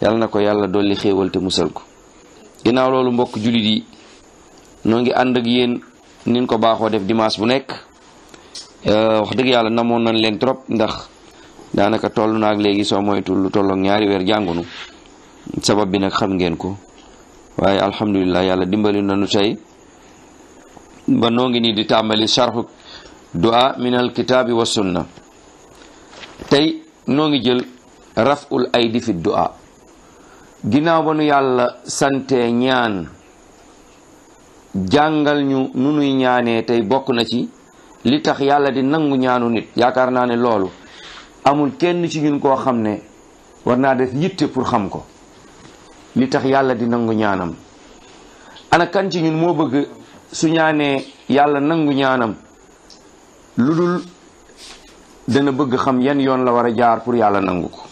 yàlla na ko yàlla dolli xéewal te musal ko ginnaaw loolu mbokk jullit yi noo ngi ànd ak yéen nin ko baaxoo def dimanche bu nekk euh, wax dëgg yàlla namoon nañ leen trop ndax daanaka toll na ak léegi soo moytu lu tollook ñaari weer jàngunu sabab bi nag xam ngeen ko waaye alhamdulillah yàlla dimbali nañu tey ba noo ngi nii di tàmbali sharhu du'a min alkitaabi wa na tey noo ngi jël raful aydi fi du'a ginnaaw ba nu yàlla santee ñaan jàngal ñu nu nuy ñaanee tey bokk na ci li tax yàlla di nangu ñaanu nit yaakaar naa ne loolu amul kenn ci ñun koo xam ne war naa def yitte pour xam ko li tax yàlla di nangu ñaanam ana ci ñun moo bëgg su ñaanee yàlla nangu ñaanam lu dul dana bëgg xam yan yoon la war a jaar pour yàlla nangu ko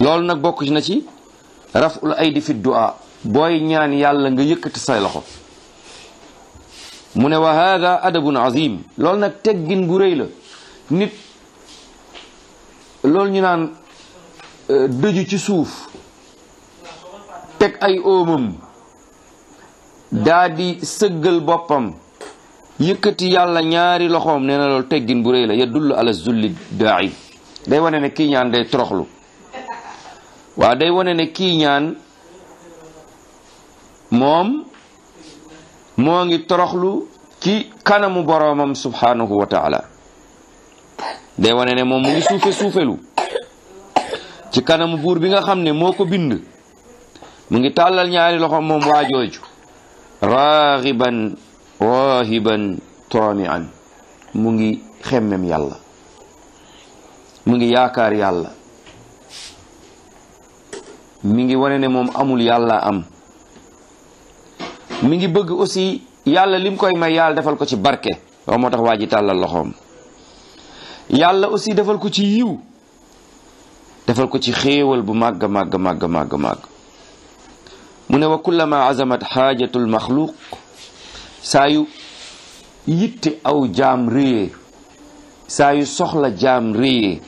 loolu nag bokk ci na ci raful aydi fi du'a booy ñaan yàlla nga yëkkati say loxo mu ne wa hada adabun azim loolu nag teggin bu rëy la nit loolu ñu naan euh, dëju ci suuf teg ay óomam daa di sëggal boppam yëkkati yàlla ñaari loxoom nee na loolu teggin bu rëy la yadullu ala zulli yi day wane ne kii ñaan day toroxlu waa day wane ne kii ñaan moom moo ngi toroxlu ci kanamu boroomam subhanahu wa taala day wane ne moom mu ngi suufe suufelu ci kanamu buur bi nga xam ne moo ko bind mu ngi tàllal ñaari loxo moom waajooju raaxiban waahiban taamian mu ngi xemmem yàlla mu ngi yaakaar yàlla mi ngi wane ne moom amul yàlla am mu ngi bëgg aussi yàlla lim koy may yàlla defal ko ci barke waaw moo tax waa ji tàllal loxoom yàlla aussi defal ko ci yiw defal ko ci xéewal bu màgg màgg màgg màgg màgg mu ne wa kullama azamat xaajatul maxluuq saa yu yitte aw jaam réyee saa yu soxla jaam réyee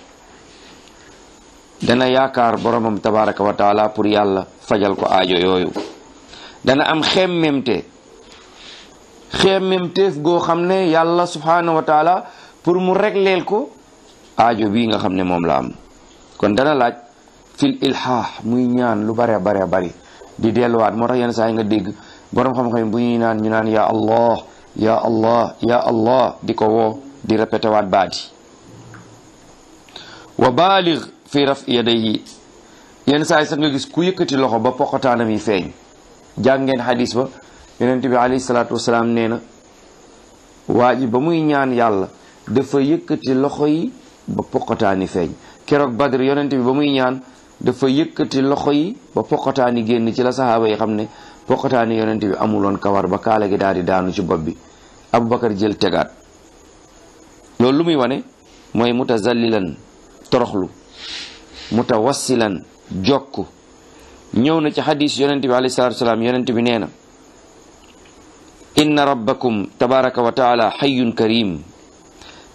dana yaakaar boromam tabaraka wa taala pour yàlla fajal ko aajo yooyu dana am xemmemte xemmemteef goo xam ne yàlla subhanahu wa pour mu regleel ko aajo bii nga xam ne moom la am kon dana laaj fil ilhaax muy ñaan lu bare bare bari di delluwaat moo tax yenn saa nga dégg boroom xam-xam bu ñuy naan ñu naan ya allah ya allah ya allah di ko woo di répété waat baati wa baalig fi raf yadayhi yenn saa yi sax nga gis ku yëkkati loxo ba poqataanam yi feeñ jàng ngeen ba yonent bi alayhi salaatu wasalaam nee na waa ji ba muy ñaan yàlla dafa yëkkati loxo yi ba poqataani keroog Badr yonent bi ba muy ñaan dafa yëkkati loxo yi ba poqataani génn ci la saxaaba yi xam ne poqataani yonent bi amuloon kawar ba kaala gi daal daanu ci bopp bi Abubakar jël tegaat loolu muy wane mooy mutazallilan toroxlu mutawassilan jokk ñëw na ci xadis yonente bi alayhi salatu nee na inna rabbakum tabaraka wa taala xayyun karim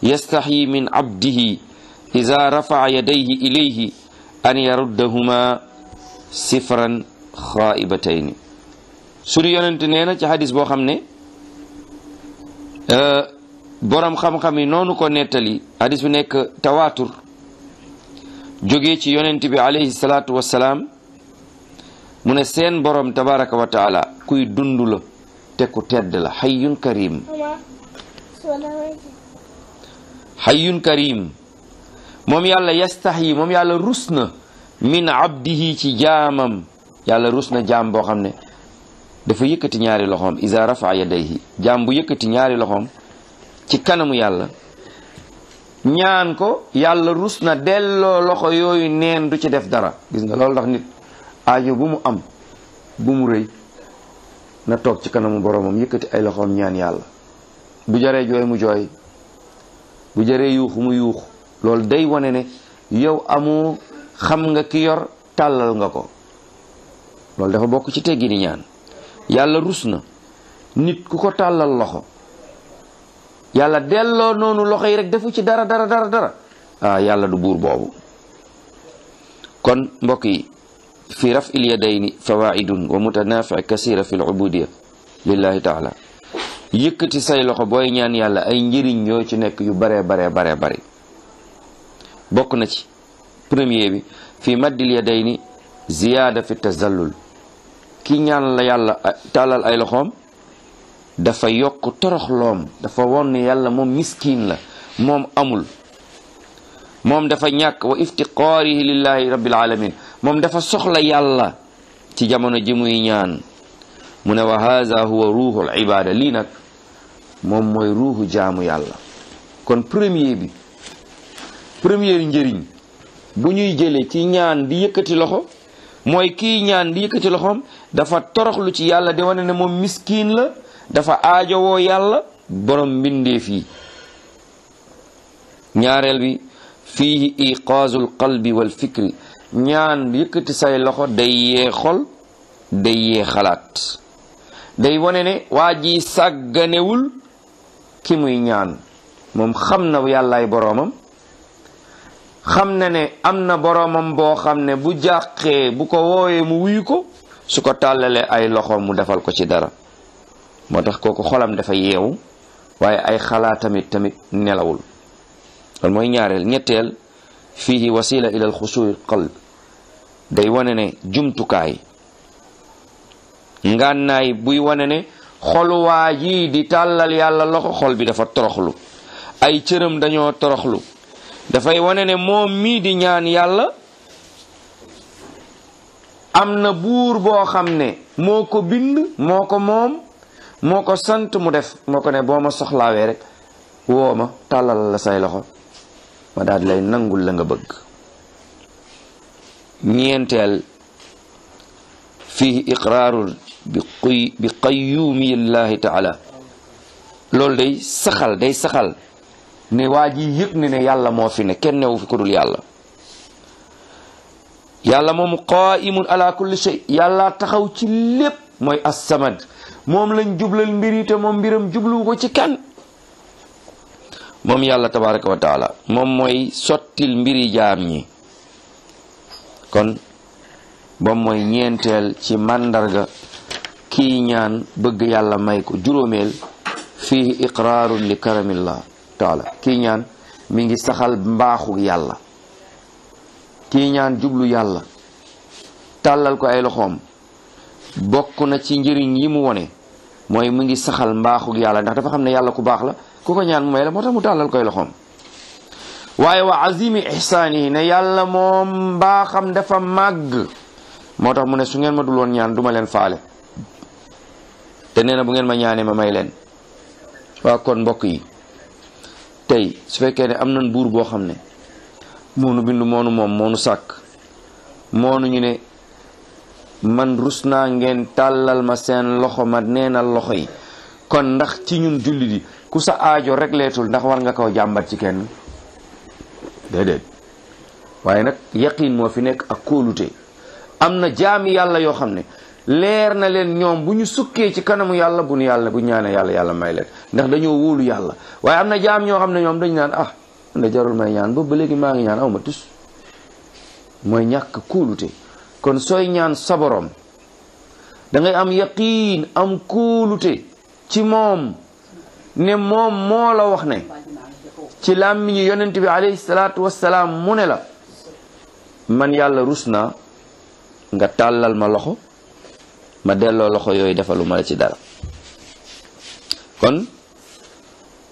yastaxyi min abdihi ida rafaca yadayhi ilayhi an yaruddahuma sifran xaa'ibatayni suñu yonente nee ci xadis boo xam ne eh, boroom xam-xam yi noonu ko nettali xadis bi nekk tawaatur jóge ci yonent bi alayhi salaatu wassalaam mu ne seen borom tabaraka wa kuy dund la te ku tedd la xayyun karim xayyun karim moom yàlla yastaxyi moom yàlla rus na min abdihi ci jaamam yàlla rus na jaam boo xam ne dafa yëkkati ñaari loxoom iza rafa yadayhi jaam bu yëkkati ñaari loxoom ci kanamu yàlla ñaan ko yàlla rus na delloo loxo yooyu neen du ci def dara gis nga loolu ndax nit aajo bu mu am bu mu rëy na toog ci kanamu boromam yëkkati ay loxoom ñaan yàlla bu jaree jooy mu jooy bu jaree yuuxu mu yuuxu loolu day wone ne yow amu xam nga ki yor tàllal nga ko loolu dafa bokk ci teggi ni ñaan yàlla rus na nit ku ko tàllal loxo yàlla delloo noonu loxo yi rek defu ci dara dara dara dara ah yàlla du buur boobu kon mbokk yi fi raf il yadayni fawaidun wa mutanafi kasira fi lubudia lillahi taala yëkkati say loxo booy ñaan yàlla ay njëriñ yoo ci nekk yu baree baree baree bari bokk na ci premier bi fi maddil yadayni ziyaada fi tazallul ki ñaan yàlla tàllal ay loxoom dafa yokk toroxloom dafa won ne yàlla moom miskiin la moom amul moom dafa ñàkk wa iftiqaarihi lillahi rabbil alamin moom dafa soxla yàlla ci jamono ji muy ñaan mu ne wa haza huwa ruuxul ibaada lii nag moom mooy ruuxu jaamu yàlla kon premier bi premier njëriñ bu ñuy jëlee ci ñaan di yëkkati loxo mooy kii ñaan di yëkkati loxoom dafa toroxlu ci yàlla di wane ne moom miskiin la dafa woo yàlla boroom mbindeef yi ñaareel bi fiihi iqaazul qalbi wal fikri ñaan yëkkati say loxo day yee xol day yee xalaat day wone ne waa ji sàgganewul ki muy ñaan moom xam na yàllaay boroomam xam na ne am na boroomam boo xam ne bu jàqee bu ko woowee mu wuyu ko su ko tàllalee ay loxo mu defal ko ci dara moo tax kooku xolam dafa yeewu waaye ay xalaat tamit tamit nelawul loolu mooy ñaareel ñetteel fii wasila ila alxusuu qalb day wane ne jumtukaay ngànnaay buy wane ne xoluwaa ji di tàllal yàlla loxo xol bi dafa toroxlu ay cëram dañoo toroxlu dafay wane ne moom mii di ñaan yàlla am na buur boo xam ne moo ko bind moo ko moom moo ko sant mu def moo ko ne boo ma soxlaawee rek woo ma tàllal la say loxo ma daal lay nangul la nga bëgg ñeenteel fii iqraarul bi quy bi day saxal day saxal ne waa ji yëg ne yàlla moo fi ne kenn newu fi ko dul yàlla yàlla moom qaimun ala kulli shay yàlla taxaw ci lépp mooy assamad moom lañ jublal mbir yi te moom mbiram jubluwu ko ci kenn moom yàlla tabaraka wa taala moom mooy sottil mbiri jaam ñi kon moom mooy ñeenteel ci màndarga kii ñaan bëgg yàlla may ko juróomeel fii iqraarun li karamillah taala kii ñaan mi ngi saxal mbaaxu yàlla kii ñaan jublu yàlla tàllal ko ay loxoom bokk na ci njëriñ yi mu wone mooy mu ngi saxal mbaaxug yàlla ndax dafa xam ne yàlla ku baax la ku ko ñaan mu may la moo tax mu tàllal koy loxoom waaye wa azimi yi ne yàlla moom mbaaxam dafa màgg moo tax mu ne su ngeen ma dul woon ñaan duma leen faale te nee na bu ngeen ma ñaanee ma may leen waa kon mbokk yi tey su fekkee ne am na buur boo xam ne u bindu moonu moom moonu sàkk moonu ñu ne man rus naa ngeen tàllal ma seen loxo ma neenal loxo yi kon ndax ci ñun jullit yi ku sa aajo rek leetul ndax war nga koo jàmbat ci kenn déedéet waaye nag yaqiin moo fi nekk ak kóolute am na jaami yàlla yoo xam ne leer na leen ñoom bu ñu sukkee ci kanamu yàlla bu ñu yàlla bu ñaanee yàlla yàlla may leen ndax dañoo wóolu yàlla waaye am na jaam ñoo xam ne ñoom dañu naan ah man de jarul may ñaan ba ba léegi maa ngi ñaan aw ma tus mooy ñàkk kóolute kon sooy ñaan sa dangay am yaqiin am kóolute ci moom ne moom moo la wax ne ci làmmiñu yonent bi alayhi salaatu wassalaam mu ne la man yàlla rus naa nga tàllal ma loxo ma delloo loxo yooyu defalu la ci dara kon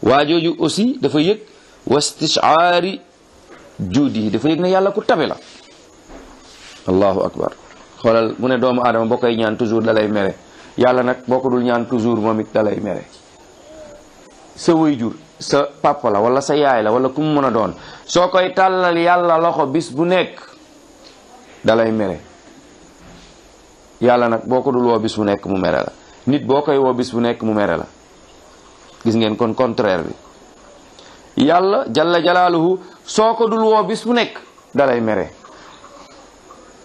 waajooju aussi dafa yëg wastishaari juudi dafa yëg ne yàlla ku tabe la allahu akbar xoolal mu ne doomu aadama boo koy ñaan toujours da lay mere yàlla nag boo ko dul ñaan toujours moom it da lay mere sa waajur sa papa la wala sa yaay la wala ku mu mën a doon soo koy tàllal yàlla loxo bis bu nekk dalay lay mere yàlla nag boo ko dul woo nekk mu mere la nit boo koy woo bis bu nekk mu mere gis ngeen kon contraire bi yàlla jalla jalaaluhu soo ko dul woo bis bu nekk dalay lay mere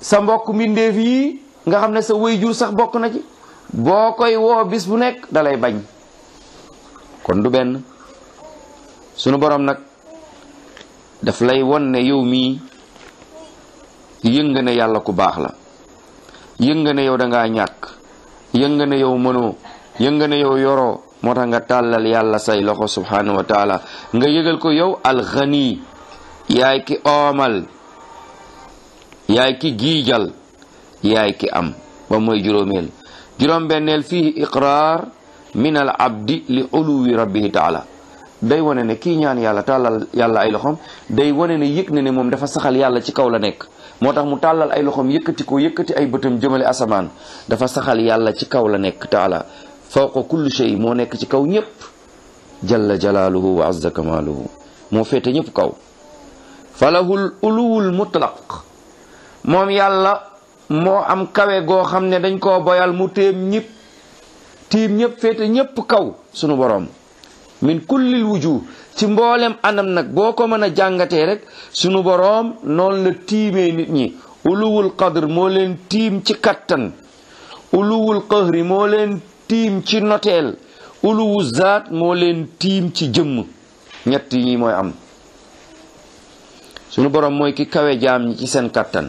sa mbokk mbindéef yi nga xam ne sa wayjur sax bokk na ci boo koy woo bis bu nekk dalay bañ kon du benn sunu borom nag daf lay won ne yow mii yënga ne yàlla ku baax la yënga ne yow dangaa ñàkk yënga ne yow mënoo yënga ne yow yoroo moo tax nga tàllal yàlla say loxo subhanahu wa nga yëgal ko yow alxani yaay ki oomal yaay ki giijal yaay ki am ba mooy juróomeel juróom-benneel fii iqraar min al abdi li uluwi rabbihi taala day wone na kii ñaan yàlla tàllal yàlla ay loxom day wane na yëg na ne moom dafa saxal yàlla ci kaw la nekk moo tax mu tàllal ay loxom yëkkati ko yëkkati ay bëtam jëmale asamaan dafa saxal yàlla ci kaw la nekk taala fawqa kulli shay moo nekk ci kaw ñépp jalla jalaaluhu wa azza kamaaluhu moo féete ñépp kaw falahul uluwul mutlaq moom yàlla moo am kawe goo xam ne dañ koo boyal mu téem ñëpp tiim ñëpp ñëpp kaw sunu boroom min kullil wuju ci mboolem anam nag boo ko mën a jàngatee rek sunu boroom noonu la tiimee nit ñi uluwul qadr moo leen tiim ci kattan uluwul qahri moo leen tiim ci noteel uluwu zaat moo leen tiim ci jëmm ñett yi mooy am sunu boroom mooy ki kawe jaam ñi ci seen kattan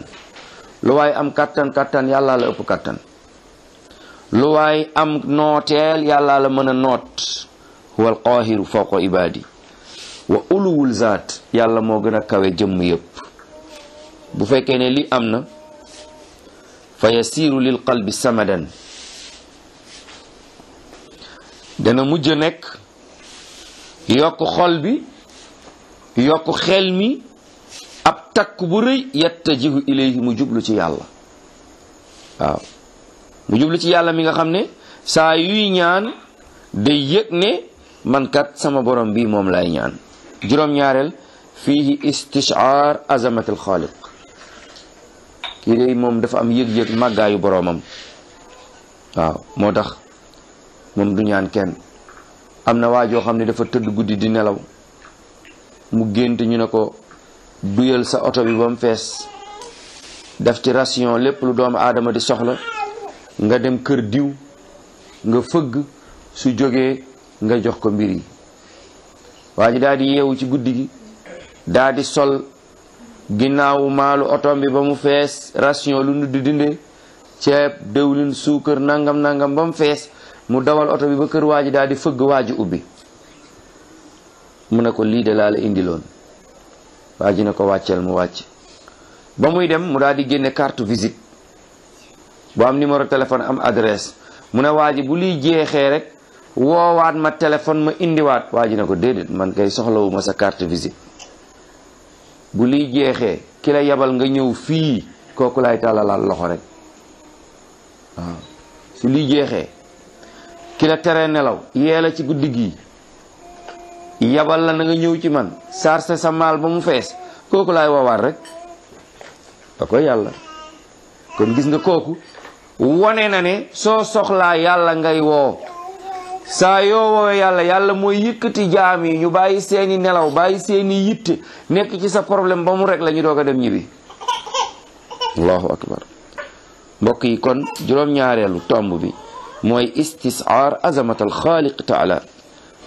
lu waaye am kattan kattan yàllaa la ëpp kattan lu waaye am nooteel yàllaa la mën a noot huwa al qaahiru fawqa wa uluwul zaat yàlla moo gën a kawe jëmm yépp bu fekkee ne lii am na fa yasiiru lil qalbi samadan dana mujj nekk yokk xol bi yokk xel mi takk bu rëy yattajihu ilayhi mu jublu ci yàlla waaw mu jublu ci yàlla mi nga xam ne saa yuy ñaan day yëg ne mankat sama borom bii moom lay ñaan juróom-ñaareel fiihi istishaar azamatil xaaliq kii day moom dafa am yëg-yëg màggaayu boroomam waaw moo tax moom du ñaan kenn am na waajoo xam ne dafa tëdd guddi di nelaw mu gént ñu ne ko duyal sa oto bi ba mu fees def ci ration lépp lu doomu aadama di soxla nga dem kër diw nga fëgg su jógee nga jox ko mbir yi waa ji daal di yeewu ci guddi gi daldi sol ginnaaw maalu oto bi ba mu fees ration lu nudd dinde ceeb dëwlin suukar nangam nangam ba mu fees mu dawal oto bi ba kër waa ji daal di fëgg waa ji ubbi mu ne ko lii de laa la indiloon waa na ko wàcceel mu wàcc ba muy dem mu daal di génne carte visite bu am numéro téléphone am adresse mu ne waa ji bu liy jeexee rek woowaat ma téléphone ma indiwaat waa ji ne ko déedéet man kay soxlawuma sa carte visite bu liy jeexee kila la yebal nga ñëw fii kooku lay tàllalaal loxo rek waaw su liy jeexee ki la tere nelaw yee la ci guddi gi yabal la na nga ñëw ci man sarse sa maal ba mu fees kooku laay woowaat rek da koy yàlla kon gis nga kooku wone na ne soo soxlaa yàlla ngay woo saa yoo woowee yàlla yàlla mooy yëkkati jaam yi ñu bàyyi seeni nelaw bàyyi seeni yitte nekk ci sa problème ba mu rek lañu doo doog a dem ñibbi allahu akbar mbokk yi kon juróom-ñaareelu tomb bi mooy istisaar azamat al taala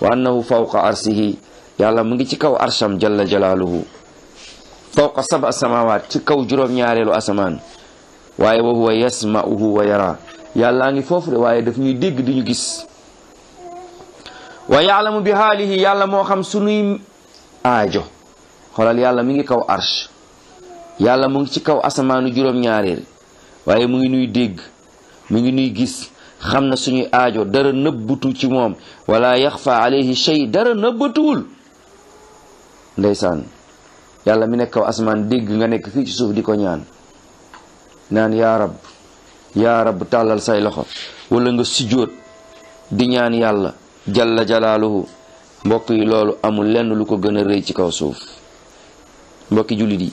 wa annahu fawqa arsihi yàlla mu ngi ci kaw arsham jalla jalaaluhu fawqa saba samawaat ci kaw juróom-ñaareelu asamaan waaye wa huwa yasma'uhu wa yara yàllaa ngi foofu de waaye daf ñuy dégg di ñu gis wa yaalamu bi haalihi yàlla moo xam sunuy aajo xoolal yàlla mi ngi kaw arsh mu ngi ci kaw asamaanu juróom-ñaareel waaye mu ngi nuy dégg mu ngi nuy gis xam na suñuy aajo dara nëbbutu ci moom wala yaxfa alayhi shay dara nëbbatuwul ndeysaan yàlla mi nekk kaw asmaan dégg nga nekk fii ci suuf di ko ñaan naan yaa rab yaa rab tàllal say loxo wala nga sujjóot di ñaan yàlla jalla jalaaluhu mbokk yi loolu amul lenn lu ko gën a rëy ci kaw suuf mbokki jullit yi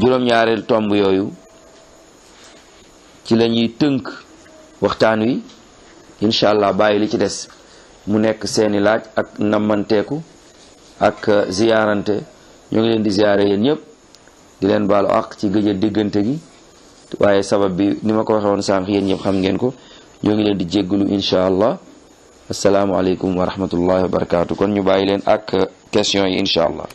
juróom-ñaareel tomb yooyu ci la ñuy tënk waxtaan wi incha allah bàyyi li ci des mu nekk seeni laaj ak nammanteeku ak uh, ziyaarante ñoo ngi leen di ziyaare yéen ñëpp di leen baalu àq ci gëj diggante gi waaye sabab bi ni ma ko waxee woon sànq yéen ñëpp xam ngeen ko ñoo ngi leen di jéggalu incha allah asalaamualeykum wa rahmatullahi wa barakaatu kon ñu bàyyi leen ak uh, question yi incha allah